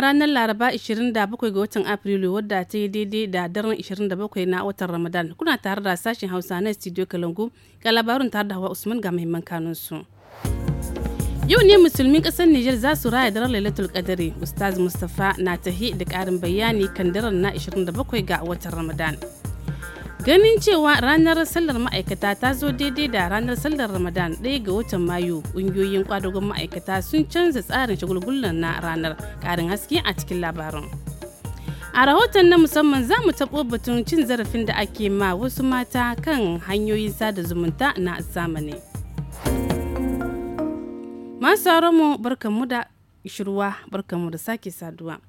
ranar laraba 27 ga watan afrilu wadda ta yi daidai da daren 27 na watan ramadan kuna tare da sashen hausa na studio kalangu ga labarin tare da hawa usman ga mahimman kanunsu yau ne musulmin kasar niger za su raya daren lailatul qadari ustaz mustapha na tahi da karin bayani kan daren na 27 ga watan ramadan ganin cewa ranar sallar ma'aikata ta zo daidai da ranar sallar ramadan ɗaya ga watan mayu ƙungiyoyin kwadogon ma'aikata sun canza tsarin shagulgullar na ranar ƙarin haske a cikin labarin a rahoton na musamman za mu taɓo batun cin zarafin da ake ma wasu mata kan hanyoyin sada zumunta na zamani masu mu barkanmu da shirwa barkanmu da sake saduwa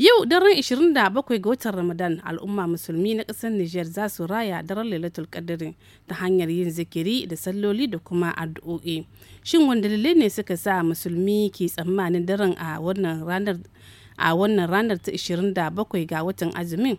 Yau daren 27 ga watan Ramadan al'umma musulmi na ƙasar Nijar za su raya daren Lailatul Qadr ta hanyar yin zikiri da salloli da kuma addu'o'i. Shin wanda lalle ne suka sa musulmi ke tsammanin daren a wannan ranar a wannan ranar ta 27 ga watan azumin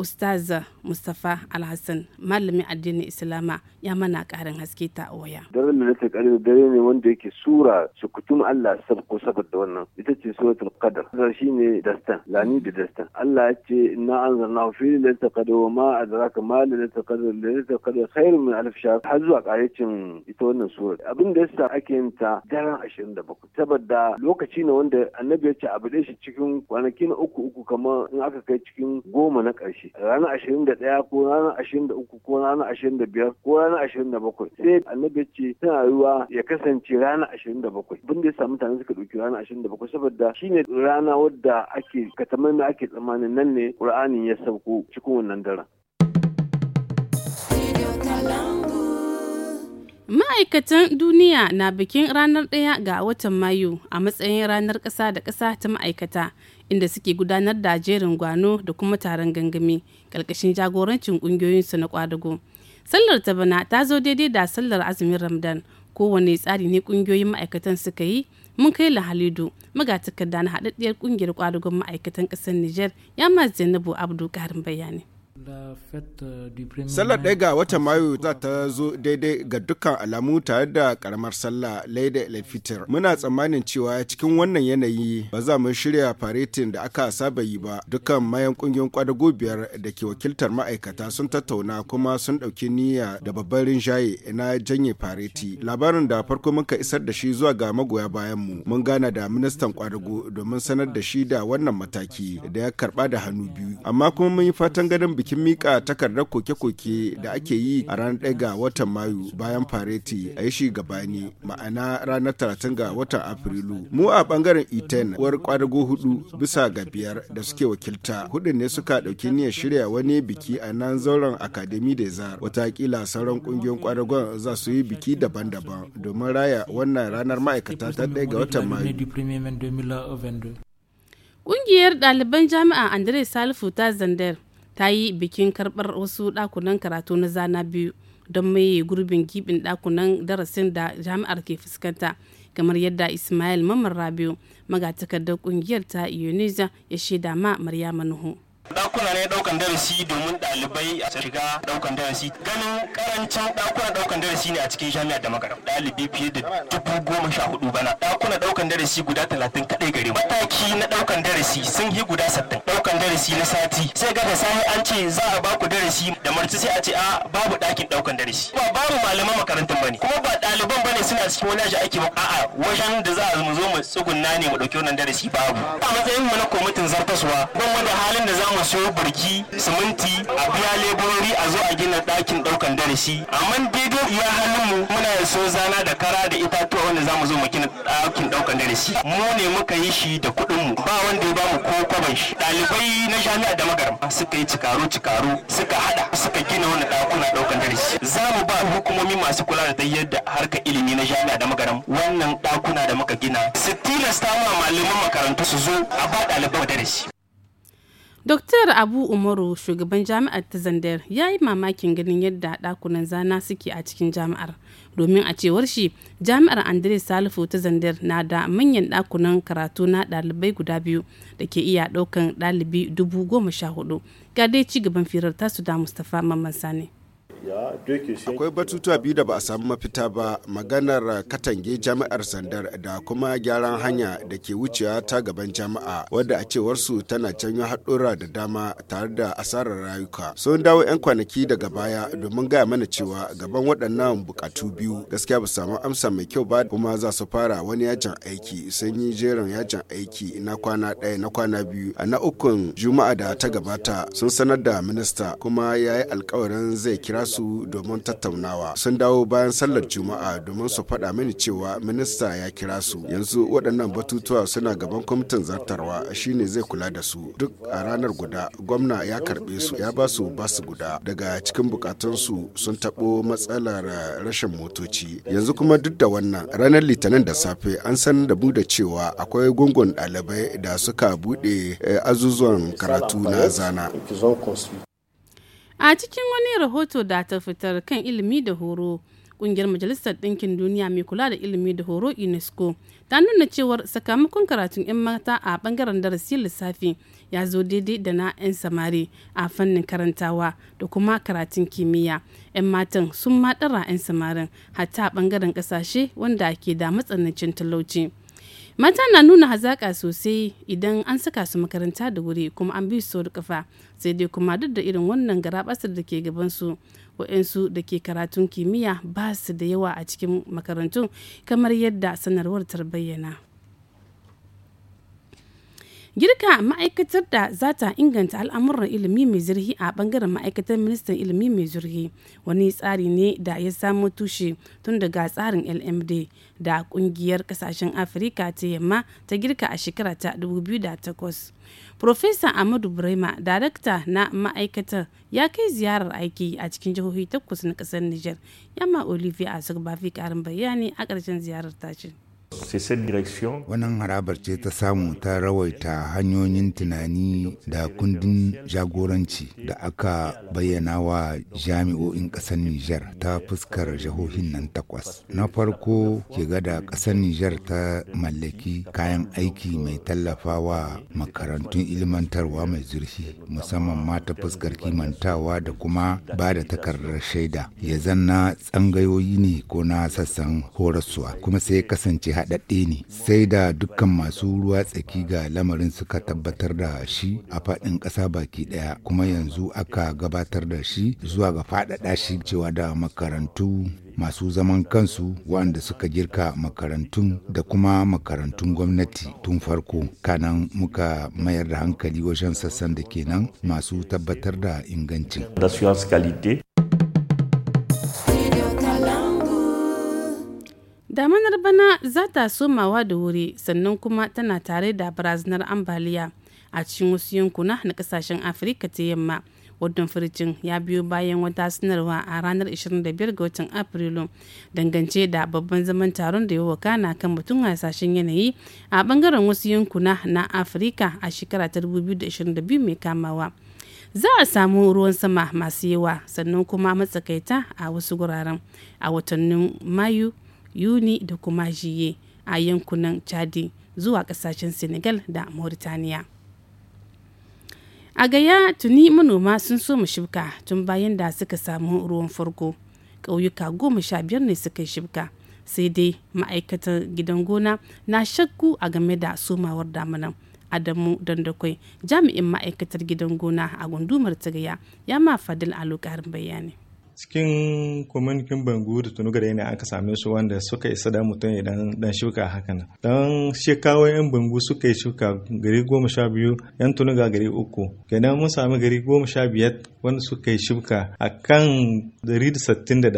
Ustaz Mustapha Alhassan malamin addinin Islama ya mana karin haske ta waya. Daren da ta kare dare ne wanda yake sura sukutum Allah sab ko da wannan ita ce suratul qadar. shi ne dastan lani da dastan. Allah ya ce inna anzalna fi lailatul qadr wa ma adraka ma lailatul qadr lailatul qadr khairun min alf shahr har zuwa karecin ita wannan sura. Abin da yasa ake yin ta daren 27 saboda lokaci ne wanda annabi ya ce abu shi cikin kwanaki na uku uku kamar in aka kai cikin goma na ƙarshe. ce ranar ashirin da ɗaya ko ranar ashirin da uku ko ranar ashirin da biyar ko ranar ashirin da bakwai sai annabi ce tana ruwa ya kasance ranar ashirin da bakwai bin da ya samu mutane suka ɗauki ranar ashirin da bakwai saboda shine rana wadda ake katamar da ake tsammanin nan ne ƙur'anin ya sauko cikin wannan daren. Ma'aikatan duniya na bikin ranar ɗaya ga watan Mayu a matsayin ranar ƙasa da ƙasa ta ma'aikata inda suke gudanar da jerin gwano da kuma taron gangami ƙarƙashin jagorancin ƙungiyoyinsu na ƙwadago. Sallar ta bana ta zo daidai da sallar azumin Ramadan kowane tsari ne ƙungiyoyin ma'aikatan suka yi mun kai Halidu magatakarda na haɗaɗɗiyar ƙungiyar ƙwadagon ma'aikatan ƙasar Nijar ya ma Zainabu Abdu ƙarin bayani. Euh, Sallar ɗaya ga watan Mayu za ta zo daidai ga dukkan alamu tare da karamar sallah Laida Lafitir. Muna tsammanin cewa cikin wannan yanayi ba za mu shirya faretin da aka saba yi ba. Dukkan mayan ƙungiyar kwadago biyar da ke wakiltar ma'aikata sun tattauna kuma sun ɗauki niyya da babban rinjaye na janye fareti. Labarin da farko muka isar da shi zuwa ga magoya bayan mu. Mun gana da ministan kwadago domin sanar da shi da wannan mataki da ya karɓa da hannu biyu. Amma kuma mun yi fatan ganin bikin mika takardar koke-koke da ake yi a ranar 1 ga watan Mayu bayan fareti a yi shi gabani ma'ana ranar talatin ga watan Afrilu. Mu a bangaren Iten e war kwadago hudu bisa ga biyar da suke wakilta hudun ne suka dauki niyyar shirya wani biki a nan zauren Akademi da Zar. Watakila sauran kungiyoyin kwadagon za su yi biki daban-daban domin raya wannan ranar ma'aikata ta 1 ga watan Mayu. kungiyar ɗaliban jami'a andre Salifu ta Zandar ta yi bikin karbar wasu dakunan karatu na zana biyu don maye gurbin gibin dakunan darasin da jami'ar ke fuskanta kamar yadda ismail mamman rabiu magatakardar ƙungiyar ta unisa ya shaida ma maryama nuhu. dakuna ne daukan darasi domin dalibai a shiga daukan darasi ganin karancin dakuna daukan darasi ne a cikin jami'ar da makaram dalibi fiye da dubu goma sha hudu bana dakuna daukan darasi guda talatin kadai gare mataki na daukan darasi sun yi guda sattin daukan darasi na sati sai ga da sai an ce za a baku darasi da marci sai a ce a babu dakin daukan darasi ba babu malaman makarantar bane kuma ba ɗaliban bane suna cikin wani aji ake ba a'a wajen da za a mu zo mu tsugunna ne mu dauki wannan darasi babu a matsayin mu na komitin zartaswa ban da halin da mu gama so birki siminti a biya leburori a zo a gina ɗakin ɗaukan darasi amma daidai ya halin mu muna da so zana da kara da itatuwa wanda zamu zo mu gina ɗakin ɗaukan darasi mu ne muka yi shi da kuɗin mu ba wanda ya bamu ko kwaban shi ɗalibai na jami'a da magaram suka yi cikaro cikaro suka hada suka gina wani ɗakuna ɗaukan darasi za mu ba hukumomi masu kula da da harka ilimi na jami'a da magaram wannan ɗakuna da muka gina su tilasta ma malaman makarantu su zo a ba da darasi Dr. Abu Umaru shugaban jami'ar ta Zandar ya yi mamakin ganin yadda ɗakunan zana suke a cikin jami'ar. Domin a cewar shi, jami'ar andre Salifu ta Zandar na da manyan ɗakunan karatu na ɗalibai guda biyu da ke iya ɗaukan ɗalibi dubu goma sha hudu. Ga dai ci gaban firar tasu da Mustapha Mamman Sani. akwai batutuwa biyu da ba a samu mafita ba maganar katange jami'ar sandar da kuma gyaran hanya da ke wucewa ta gaban jami'a wadda a cewarsu tana canyo haɗura da dama tare da asarar rayuka sun dawo 'yan kwanaki daga baya domin gaya mana cewa gaban waɗannan bukatu biyu gaskiya ba samu amsa mai kyau ba kuma za su fara wani yajin aiki sun yi jerin yajin aiki na kwana ɗaya na kwana biyu a na ukun juma'a da ta gabata sun sanar da minista kuma ya yi alkawarin zai kira su domin tattaunawa sun dawo bayan sallar juma'a domin su faɗa mini cewa minista ya kira su yanzu waɗannan batutuwa suna gaban kwamitin zartarwa shine zai kula da su duk a ranar guda gwamna ya karɓe su ya ba su basu guda daga cikin bukatunsu sun taɓo matsalar rashin motoci yanzu kuma duk da wannan ranar litinin da safe an san da mu da cewa akwai gungun ɗalibai da suka buɗe eh, azuzuwan karatu na zana a cikin wani rahoto da ta fitar kan ilimi da horo kungiyar majalisar ɗinkin duniya mai kula da ilimi da horo unesco ta nuna cewar sakamakon karatun 'yan mata a bangaren darasi lissafi ya zo daidai da na 'yan samari a fannin karantawa da kuma karatun kimiyya 'yan matan sun maɗara 'yan samarin hatta a bangaren ƙasashe wanda ke da matsanancin talauci mata na nuna hazaƙa sosai idan an saka su makaranta da wuri kuma an bi su da kafa sai dai kuma duk da irin wannan garabasar da ke gabansu waɗansu da ke karatun kimiyya ba su da yawa a cikin makarantun kamar yadda sanarwar ta bayyana. girka ma'aikatar da za ta inganta al'amuran ilimi mai zurfi a bangaren ma'aikatar ministan ilimi mai zurfi wani tsari ne da ya samo tushe tun daga tsarin lmd da kungiyar kasashen afirka ta yamma ta girka a shekara ta 2008 Profesa Ahmadu Burema, darakta na ma'aikatar, ya kai ziyarar aiki a cikin jihohi takwas na ƙasar Nijar, yamma Olivia Asogbafi ƙarin bayani a ƙarshen ziyarar tashi. Wannan harabar ce ta samu ta rawaita hanyoyin tunani da kundin jagoranci da aka bayyana wa jami'o'in ƙasar Nijar ta fuskar jihohin nan takwas. Na farko ke gada ƙasar Nijar ta mallaki kayan aiki mai tallafawa makarantun ilmantarwa mai zurfi musamman ma ta fuskar kimantawa da kuma ba da takardar shaida ya zanna tsangayoyi ne ko na sassan horaswa kuma sai kasance haɗa daɗe ne sai da dukkan masu ruwa tsaki ga lamarin suka tabbatar da shi a faɗin ƙasa baki ɗaya kuma yanzu aka gabatar da shi zuwa ga faɗaɗa shi cewa da makarantu masu zaman kansu waɗanda suka girka makarantun da kuma makarantun gwamnati tun farko kanan muka mayar da hankali wajen sassan da kenan masu tabbatar da ingancin. damanar bana za ta somawa da wuri sannan kuma tana tare da barazanar ambaliya a cikin wasu yankuna na kasashen afirka ta yamma watan firicin ya biyo bayan wata sanarwa a ranar 25 ga watan afrilu dangance da babban zaman taron da ya wakana kan batun hasashen yanayi a bangaren wasu yankuna na afirka a shekara 2022 mai kamawa za a samu ruwan sama masu yawa sannan kuma matsakaita a wasu guraren a watannin mayu yuni da kuma jiye a yankunan chadi zuwa kasashen senegal da mauritaniya a gaya tuni manoma sun so mu shibka tun bayan da suka samu ruwan farko ƙauyuka goma sha biyar ne suka yi shibka sai dai ma'aikatar gidan gona na shakku a game da somawar damunan adamu dandakwai jami'in ma'aikatar gidan gona a gundumar tagaya ya ma fadil a bayani cikin kwamunikin bangu da tunuga ne aka same su wanda suka isa da mutum idan dan shuka haka nan dan shekawa yan bangu suka yi shuka gari goma sha biyu yan tunuga gari uku kenan mun sami gari goma sha biyar wanda suka yi shuka a kan dari da sittin da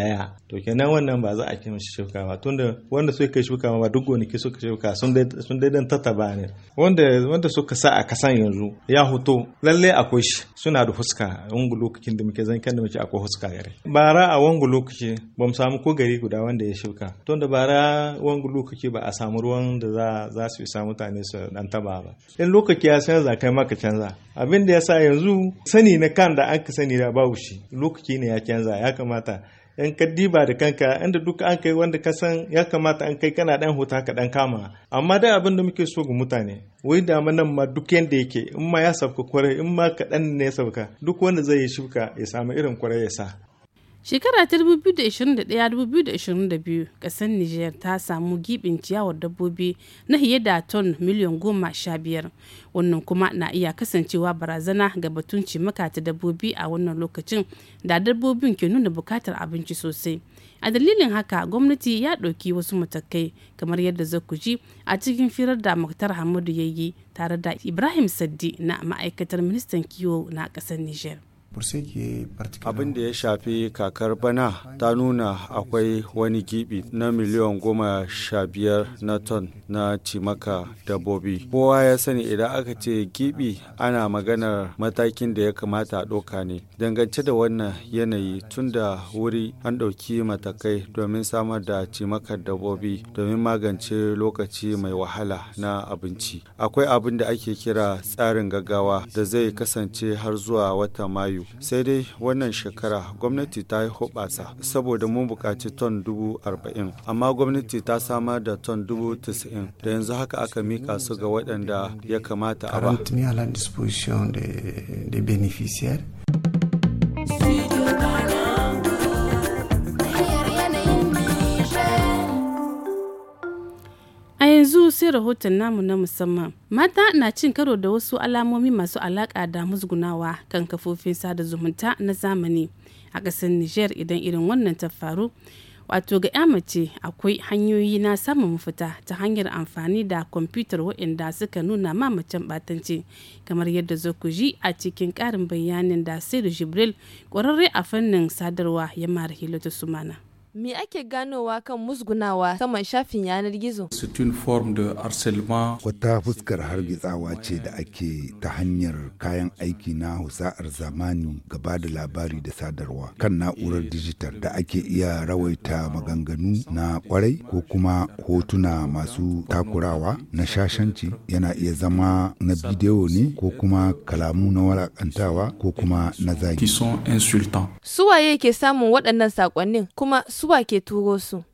to kenan wannan ba za a ce mishi shuka ba tunda wanda suka shuka ba duk gonaki suka shuka sun dan tattaba ne wanda wanda suka sa a kasan yanzu ya hoto lalle akwai shi suna da fuska a wangu lokacin da muke zankan da muke akwai fuska gare bara a wangu lokaci ba mu samu ko gari guda wanda ya shuka tunda bara wangu lokaci ba a samu ruwan da za za su isa mutane su dan taba ba in lokaci ya canza kai maka canza abin da ya sa yanzu sani na kan da an ka sani da babu shi lokaci ne ya canza ya kamata in ka diba da kanka inda duk an kai wanda ka san ya kamata an kai kana dan huta ka dan kama amma da abin da muke so ga mutane wai da nan ma duk yanda yake in ma ya sabka kwarai in ma kaɗan ne ya sabka duk wanda zai yi shuka ya samu irin kwarai ya sa Shekara ta 2021-2022 ƙasar Nijar ta samu gibin ciyawar dabbobi na fiye da ton miliyan goma sha biyar. Wannan kuma na iya kasancewa barazana ga batun cimaka ta dabbobi a wannan lokacin da dabbobin ke nuna bukatar abinci sosai. A dalilin haka gwamnati ya ɗauki wasu matakai kamar yadda zakuji a cikin firar da Muktar Hamadu ya yi tare da Ibrahim Saddi na ma'aikatar ministan kiwo na ƙasar Nijar. abin da ya shafi kakar bana ta nuna akwai wani gibi na miliyan goma sha biyar na ton na cimaka dabbobi kowa ya sani idan aka ce gibi ana maganar matakin da ya kamata a ɗauka ne dangance da wannan yanayi tun da wuri an ɗauki matakai domin samar da cimakar dabbobi domin magance lokaci mai wahala na abinci akwai abin da ake kira tsarin gaggawa da zai kasance har zuwa watan mayu biyu sai dai wannan shekara gwamnati ta yi hoɓasa saboda mun buƙaci ton dubu arba'in amma gwamnati ta samar da ton dubu tisa'in da yanzu haka aka mika su ga waɗanda ya kamata a ba. sai rahoton namu na musamman. Mata na cin karo da wasu alamomi masu alaƙa da musgunawa kan kafofin sada zumunta na zamani a ƙasar niger idan irin wannan ta faru. Wato ga 'ya mace akwai hanyoyi na samun mafita ta hanyar amfani da kwamfutar waɗanda suka nuna ma macen ɓatanci kamar yadda ji a cikin ƙarin bayanin da da Jibril ƙwararre a fannin sadarwa ya mara hilata sumana. Me ake ganowa kan musgunawa saman shafin yanar gizo? da Wata fuskar hargitsawa ce da ake ta hanyar kayan aiki na husa'ar zamani gaba da labari da sadarwa kan na'urar dijital da ake iya rawaita maganganu na kwarai ko kuma hotuna masu takurawa na shashanci yana iya zama na bidiyo ne ko kuma kalamu na walakantawa ko kuma na zagi. Suwaye ke samun waɗannan saƙonnin kuma suak tudo zu.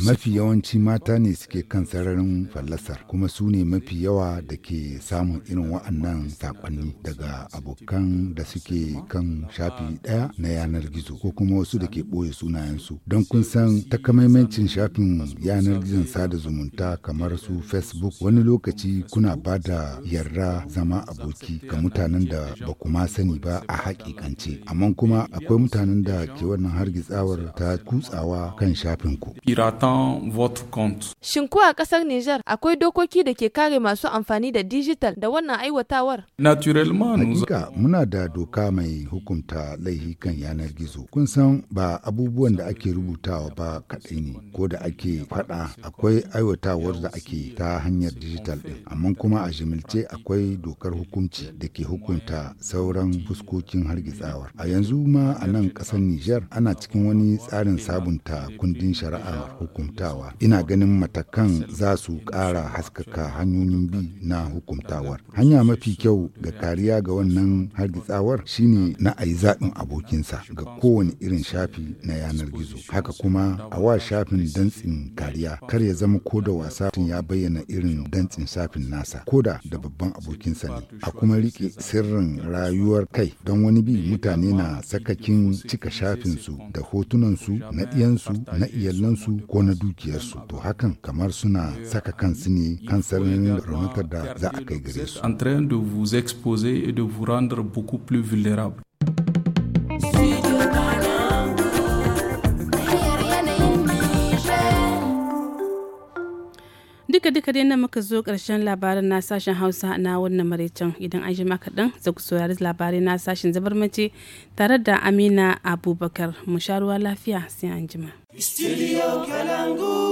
Mafi yawanci mata ne suke kan sararin fallasar kuma su ne mafi yawa da ke samun irin wa'annan sakonni daga abokan da suke kan shafi ɗaya na yanar gizo ko kuma wasu da ke ɓoye sunayensu. Don kun san takamaimancin shafin yanar gizon sada zumunta kamar su Facebook wani lokaci kuna ba da yarda zama aboki ga mutanen da ba kuma sani ba a haƙiƙance. Amma kuma akwai mutanen da ke wannan hargitsawar ta kutsawa kan shafi vote ku. Shin ko a kasar Nijar akwai dokoki da ke kare masu amfani da dijital da wannan aiwatawar? Hakika muna da doka mai hukunta laihi kan yanar gizo. Kun san ba abubuwan da ake rubutawa ba kaɗai ne ko da ake faɗa akwai aiwatawar da ake ta hanyar dijital ɗin. Amma kuma a jimilce akwai dokar hukunci da ke hukunta sauran fuskokin hargitsawar. A yanzu ma a nan ƙasar Nijar ana cikin wani tsarin sabunta kundin din shari'a hukumtawa, ina ganin matakan za su ƙara haskaka hanyoyin bi na hukuntawar hanya mafi kyau ga kariya ga wannan hargitsawar shine na a yi zaɓin abokinsa ga kowane irin shafi na yanar gizo haka kuma a wa shafin dantsin kariya kar ya zama ko da wasa ya bayyana irin dantsin shafin nasa ko da da babban abokinsa ne a kuma rike sirrin rayuwar kai don wani bi mutane na sakakin cika shafinsu da hotunansu na ɗiyansu na Il ko na dukiyarsu to hakan kamar suna saka kansu ne kan sarnin raunatar da za a kai gare su. En train de vous exposer et de vous rendre beaucoup plus vulnérable. duka duka dai nan muka zo karshen labarin na sashen hausa na wannan maraicen idan an jima kaɗan za ku saurari labarai na sashen mace tare da amina abubakar mu sha ruwa lafiya sai an jima. Studio Kalangu.